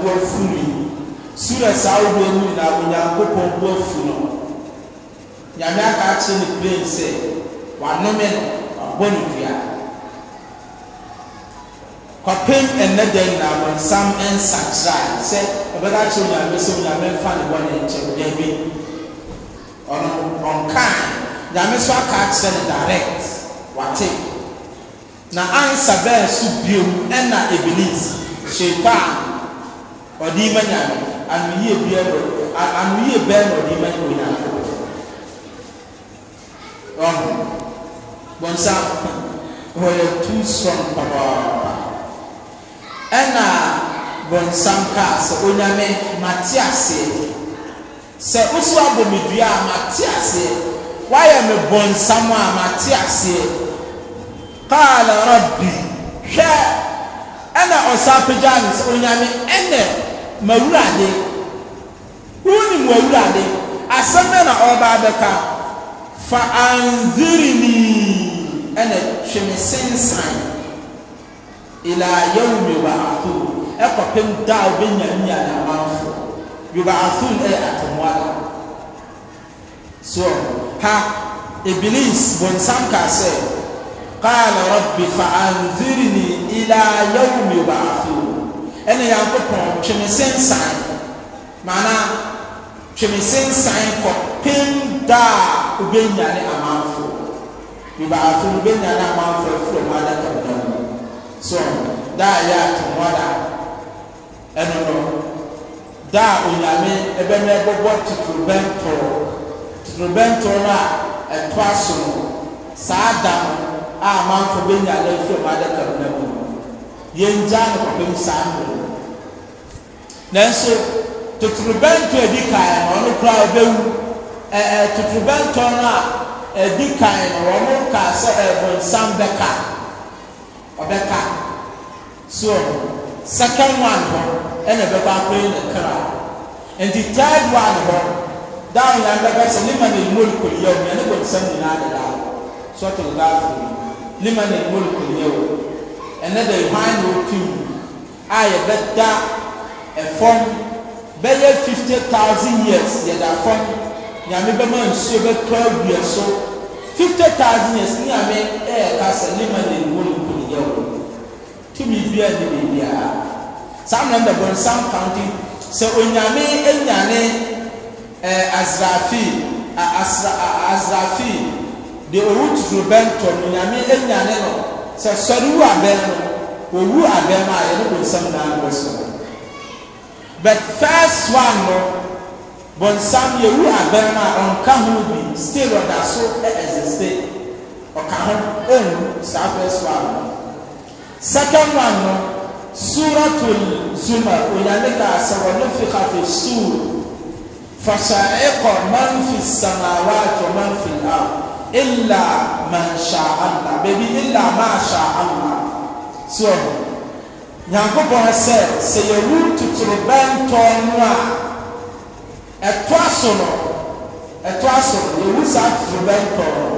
onyankopɔn bo afu ni sura saa ahodoɔ mu nyinaa onyankopɔn bo afu no nyame aka akyerɛ ne plane sɛ wanome no wabɔ ne dua kɔpem ɛnɛ da nyinaa bɔnsam nsakyera sɛ ɛbɛka kyerɛ onyame sɛ onyame mfa ne bɔne nkyɛm da bi ɔno ɔnkaa nyame so aka akyerɛ no direct wate na ansa bɛɛ so biom ɛna ebilis hyɛ paa ɔde e ma nyame anoyie bia no anoyie bɛɛ na ɔde ma nyame ɔho bɔnsa wɔyɛ tu sɔn papaapa ɛna bɔnsam kaa sɛ onyame mate aseɛ sɛ woso abɔ me dua a mate aseɛ woayɛ me bɔnsam a mate aseɛ kaala rabbi hwɛ ɛna ɔsa apagya ne sɛ onyame ɛnɛ mawurade wonim wawurade asɛm bɛ na ɔreba abɛka fa anzirini ɛna twɛ me sensan ila yawmi ba'athu ɛkɔpem da a wobɛnyamia ne amanfo yuba'athu ɛyɛ atemmuada so ha iblis bonsam kaa sɛ qala fa anzirini ila yawmi ba'athu ɛne nyankopɔn twemese nsan maana twemese nsan kɔpem da a wobɛnya ne amanfoɔ bibaako wobɛnya ne amanfoɔ afiri ɔmo adaka da mu so da a yɛ atomɔda ɛno no da a onyame ɛbɛma ɛbɛbɔ totorobɛnto totorobɛnto no a ɛtoa so no saa da no a amanfoɔ bɛnya ne afiri ɔmo adaka da mu yɛn gya no kɔpem saa no nanso totorobɛnto edi kan no ɔno koraa ɔbɛwu ɛɛ totorobɛnto no a edi kan no ɔno ka sɛ ɛbɔnsam bɛka ɔbɛka so second one hɔ ɛna ɛbɛba akɔyi ne kra nti third one hɔ down nyina bɛbɛ sɛ ne ma ne mmoli kɔ yɛ o ne bɔnsam nyinaa deda sɔtɔ gaafo ne ma ne mmoli kɔ yɛ o ɛnɛ de hwan na otu a yɛbɛda ɛfɔm bɛyɛ fifty thousand years yɛda fɔm nyame bɛma nsuo bɛtɔ awia so fifty thousand years nyame ɛyɛka sɛ ne ma ne nwo ne nko ne yɛ wɔ tumi bia ne biribiara saa mmerɛ da bɔnsam county sɛ onyame anyane ɛɛ azrafi a asra a azrafi de owu tuturubɛntɔ no nyame anyane no sɛ sɔre wu abɛn no owu abɛn no a yɛne bɔnsam dan bɔ so but first one no bɔnsam yɛwu abɛn a ɔnka ho bi still ɔda so ɛɛsɛsɛ ɔka ho ɛnwu saa first one no second one no suratul zumar onyame ka sɛ wɔne fika fi suur fasa'ikɔ man fi samawati man fi ar illa man sha Allah baby illa ma sha Allah so nyankopɔn sɛ sɛ yɛwu totorobɛntɔ no a ɛtɔ aso no ɛtɔ aso no yɛwu saa totorobɛntɔ no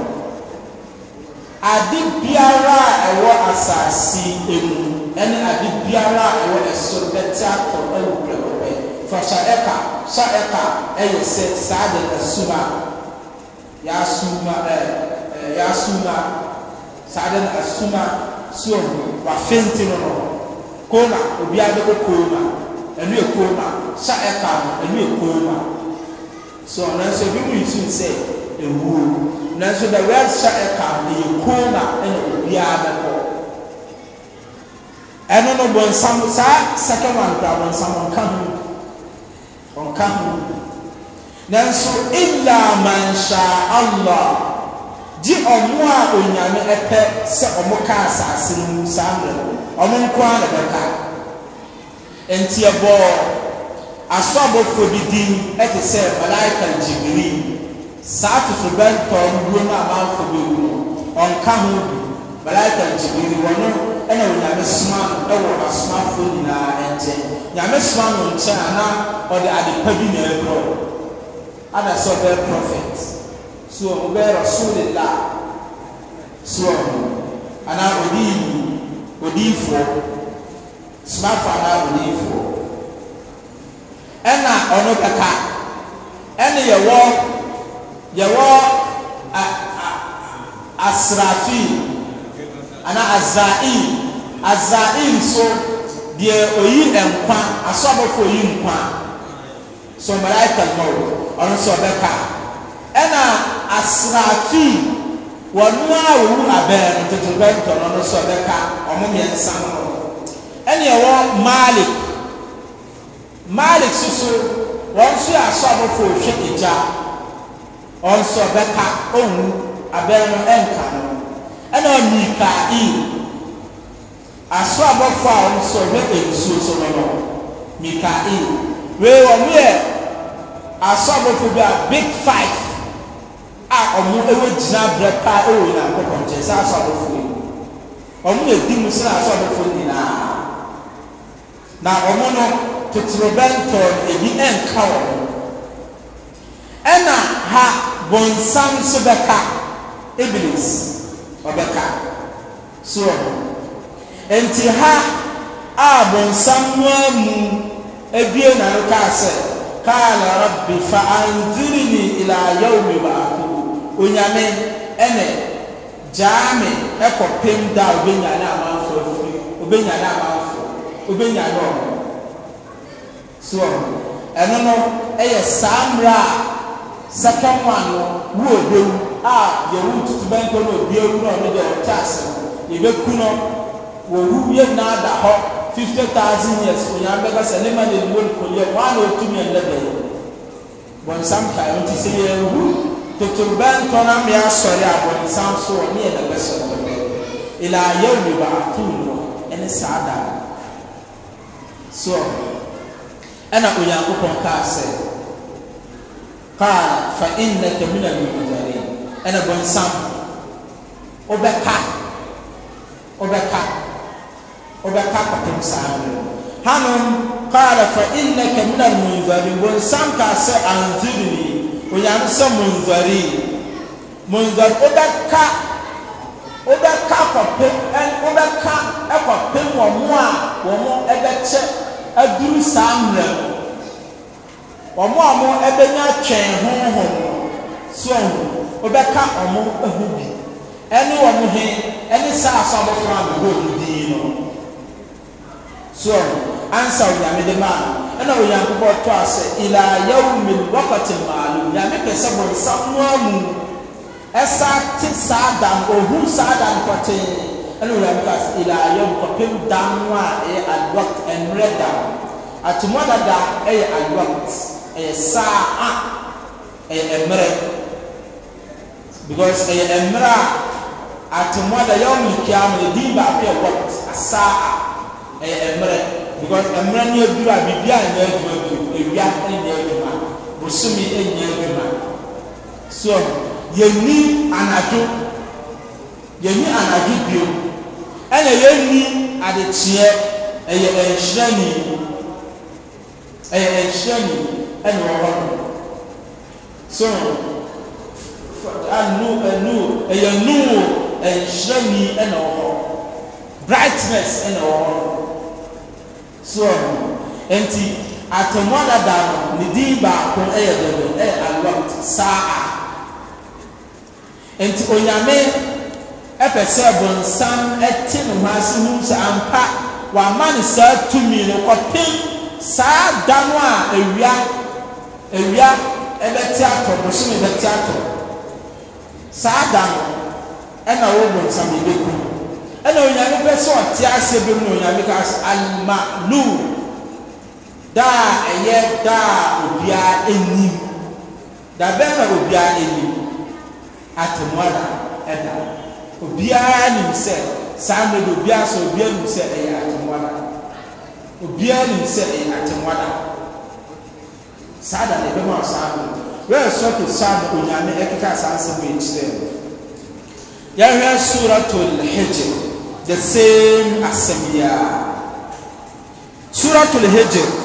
ade biara a ɛwɔ asase emu ɛne ade biara a ɛwɔ ɛsoro bɛte akɔ ɛwɔ pɛpɛpɛ fɔhyɛ ɛka hyɛ ɛka ɛyɛ sɛ saa de ɛsuma yasuma ɛ ɛ yasuma saa de ɛsuma so wafɛnti no no kooma obiara bɛkɔ kooma ɛnu yɛ kooma sa ɛka no ɛnu yɛ kooma so ɔno nso ebi mu yisun sɛ ewuo nanso the word sa ɛka no ɛyɛ kooma ɛna obiara bɛkɔ ɛno no bɔnsam saa second one kura bɔnsam ɔnka ho ɔnka ho nanso ila manhyia allah di ɔmo a onyame ɛpɛ sɛ ɔmo ka asase no mu saa mmerɛ no ɔmo nko ara na bɛka nti ɛbɔ asɔbɔfoɔ bi din ɛte sɛ malaika gyibiri saa tutu bɛntɔ nwuro no amanfo bi wu no ɔnka ho bi malaika gyibiri wɔn ɛna wɔn nyame soma ɛwɔ asomafoɔ nyinaa nkyɛn nyame soma no nkyɛn ana ɔde adepa bi na ɛbrɔ ada sɛ ɔbɛyɛ prɔfɛt so ɔbɛyɛ rasulillah so ɔmo ana ɔde yi. odiifoɔ smartphone odiifoɔ ɛna ɔno kɛka ɛna yɛwɔ yɛwɔ a a asrafi ana azai azai nso deɛ oyi nkwa asɔbɔfo oyi nkwa so mɛra ɛkɛ ɔno nso ɔbɛka ɛna asrafi. wɔn a wɔwu abɛn no totorobɛnto no no so bɛka wɔn mmiɛnsa no ɛnna ɛwɔ maalik maalik soso wɔn nso asɔ abɔfo ohwɛ egya wɔn nso bɛka owu abɛn no ɛnka no ɛnna mikael asɔ abɔfo a wɔn nso hwɛ nsuo so no no mikael wei wɔn yɛ asɔ abɔfo bi a big five a wɔn ɛwɔ gyina berɛ paa ɛwɔ nyankopɔn nkyɛn sɛ asɔ adɔfoɔ yi wɔn yɛ di mu sɛ asɔ adɔfoɔ nyinaa na wɔn no totorobɛntɔ ebi ɛnka wɔn ɛna ha bɔnsam nso bɛka ibilis ɔbɛka so wɔ nti ha a bɔnsam no amu ebie na no kaa sɛ kaa na rabbi fa anzirini ila yawmi ba onyame ɛne gyaa me ɛkɔpem da a obenya ne amanfoɔ afiri obenya ne amanfoɔ obenya ne ɔmo so ɔmo ɛno no ɛyɛ saa mmerɛ a second one no wo obewu a deɛ wo ntutu bɛnkɔ no obi ewu na ɔno deɛ ɔkyɛ ase no yɛbɛku no wɔwu yɛ nyinaa da hɔ fifty thousand years onyame bɛka sɛ ne ma na ewu nkoli yɛ wɔn a na otumi ɛnɛ bɛyɛ bɔnsam kaa yɛn ti sɛ yɛn ewu totorobɛntɔ na mmea asɔre abɔnsan so wɔ ne yɛ na bɛsɔre bɛbɛɛbɛ ila yɛwuli baako wɔ ɛne saa daa so ɛna onyankopɔn kaa sɛ kaa fa inna kamina mimudare ɛna bɔnsam wobɛka wobɛka wobɛka kɔtɔm saa no hanom kaa fa inna kamina mimudare bɔnsam kaa sɛ antirini onyame sɛ mundɔre mundɔre wobɛka wobɛka kɔpe wobɛka kɔpe wɔn mo a wɔn mo bɛkyɛ aduru saa mmerɛ wɔn a wɔn bɛnya twɛn honhom so wobɛka wɔn ho bi ɛne wɔn he ɛne saa asɔ abɔfra a wɔn ho din no so ansa onyame de maa no ɛna onyankopɔn tɔ ase ila yawmin wakati maalum nyame pɛ sɛ mo nsa mmoa mu ɛsa te saa dam ohun saa dam kɔtee ɛna onyame tɔ ase ila yawm kɔpem dam no a ɛyɛ adwakt ɛmmerɛ dam atemua dada ɛyɛ adwakt ɛyɛ saa a ɛyɛ ɛmmerɛ because ɛyɛ ɛmmerɛ a atemua da yawm kiamu edin baako yɛ wɔkt asaa a ɛyɛ ɛmmerɛ because mmerɛ no aduru a biribi a nyɛ adwuma bi ewia nyɛ adwuma bosome nyɛ adwuma so yɛni anadwo yɛni anadwo bio ɛna yɛni adekyeɛ ɛyɛ ɛnhyerɛni ɛyɛ ɛnhyerɛni ɛna ɔwɔ no so anu anu ɛyɛ nu ɛnhyerɛni ɛna ɔwɔ brightness ɛna ɔwɔ no soɔ no nti atɛmua dada no ne din baako yɛ dodo yɛ alot saa nti onyame pɛ sɛ bonsam te ne ho ase hu sɛ ampa wama ne saa tumi no kɔpem saa da no a awia awia bɛte atɔ bosome bɛte atɔ saa da no ɛna wɔ bonsam yɛbɛkum ɛna onyame sɛ ɔte aseɛ bɛ mu onyame ka sɛ almalu da a ɛyɛ da a obiara anim da bɛn na obiara anim atemmɔda ɛda obiara nim sɛ saa mmɛ de obiara sɛ obiara nim sɛ ɛyɛ atemmɔda obiara nim sɛ ɛyɛ atemmɔda saa da na ɛbɛma ɔsaa no wɛɛ sɔ te saa no onyame ɛkeka saa nsɛm ɛkyerɛ no yɛhwɛ suratul hijr دسيم أحسميا سورة الهجر